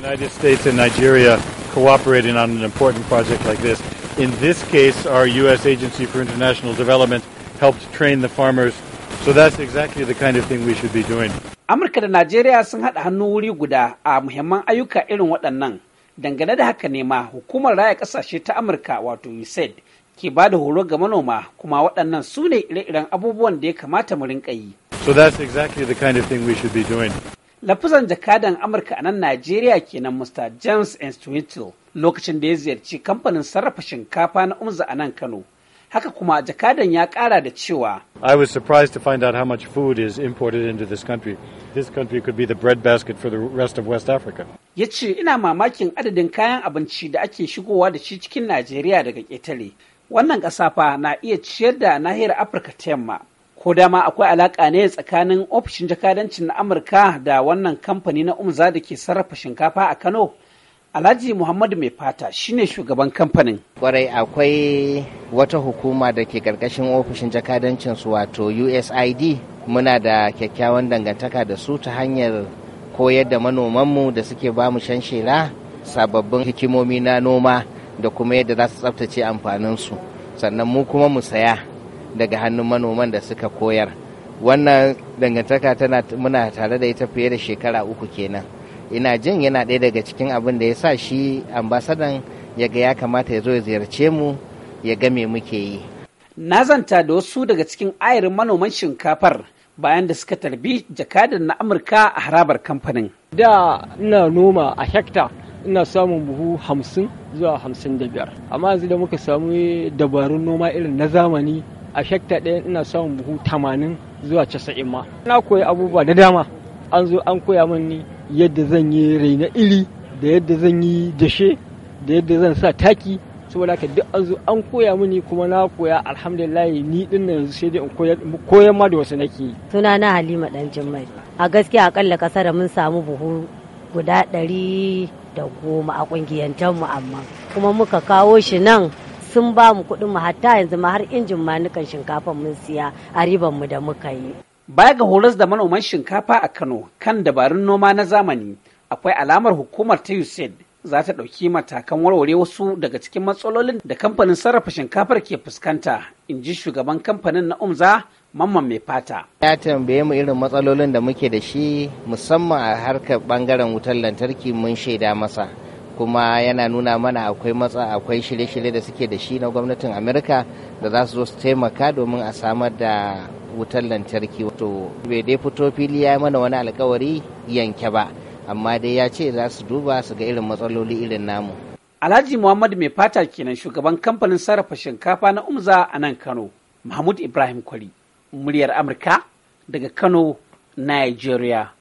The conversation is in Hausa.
United States and Nigeria cooperating on an important project like this. In this case, our U.S. Agency for International Development helped train the farmers. So that's exactly the kind of thing we should be doing. Amurka da Najeriya sun haɗa hannu wuri guda a muhimman ayyuka irin waɗannan. Dangane da haka ne ma hukumar raya ƙasashe ta Amurka wato USAID ke ba da horo ga manoma kuma waɗannan su ne ire-iren abubuwan da ya kamata mu yi. So that's exactly the kind of thing we should be doing. Lafuzan jakadan amurka a nan najeriya kenan mr james instwittle lokacin da ya ziyarci kamfanin sarrafa shinkafa na umza a nan kano haka kuma jakadan ya kara da cewa I was surprised to find out how much food is imported into this country. This country could be the breadbasket for the rest of West Africa. Ya ce ina mamakin adadin kayan abinci da ake shigowa da shi cikin Najeriya daga ƙetare. Wannan ƙasa na iya ciyar da nahiyar Afirka ta yamma ko dama akwai alaka ne tsakanin ofishin jakadancin na amurka da wannan kamfani na umza da ke sarrafa shinkafa a kano alhaji muhammadu mai fata shine shugaban kamfanin kwarai akwai wata hukuma da ke karkashin ofishin jakadancin su wato usid muna da kyakkyawan dangantaka da su ta hanyar koyar da manomanmu da suke bamu shan shanshela sababbin hikimomi na noma da kuma yadda za su tsaftace amfaninsu sannan mu kuma mu saya daga hannun manoman da suka koyar wannan dangantaka tana muna tare da ita fiye da shekara uku kenan ina jin yana ɗaya daga cikin abin da ya sa shi ambasadan ya ga ya kamata ya zo ya ziyarce mu ya ga me muke yi na zanta da wasu daga cikin ayarin manoman shinkafar bayan da suka tarbi jakadar na amurka a harabar kamfanin da ina noma a hekta ina samun buhu hamsin zuwa hamsin da biyar amma yanzu da muka samu dabarun noma irin na zamani a shekta ɗaya ina samun buhu tamanin zuwa casa'in ma na koyi abubuwa da dama an zo an koya mini yadda zan yi raina iri da yadda zan yi dashe da yadda zan sa taki saboda ka duk an zo an koya mini kuma na koya alhamdulillah ni din nan yanzu sai dai in koyar ma da wasu nake suna na halima dan jimmai a gaskiya akalla kasar mun samu buhu guda ɗari da goma a kungiyantar mu amma kuma muka kawo shi nan sun ba mu kuɗin mu hatta yanzu ma har injin ma nukan shinkafa mun siya a riban mu da muka yi. Baya ga horas da manoman shinkafa a Kano kan dabarun noma na zamani akwai alamar hukumar ta USAID za ta ɗauki matakan warware wasu daga cikin matsalolin da kamfanin sarrafa shinkafar ke fuskanta in ji shugaban kamfanin na umza mamman mai fata ya tambaye mu irin matsalolin da muke da shi musamman a harkar bangaren wutar lantarki mun shaida masa kuma yana nuna mana akwai matsa akwai shirye-shirye da suke da shi na gwamnatin amurka da za su zo su taimaka domin a samar da wutar lantarki wato bai dai fito fili ya mana wani alkawari yanke ba amma dai ya ce za su duba su ga irin matsaloli irin namu alhaji muhammad mai fata kenan shugaban kamfanin sarrafa shinkafa na umza a nan kano mahmud ibrahim kwari muryar amurka daga kano nigeria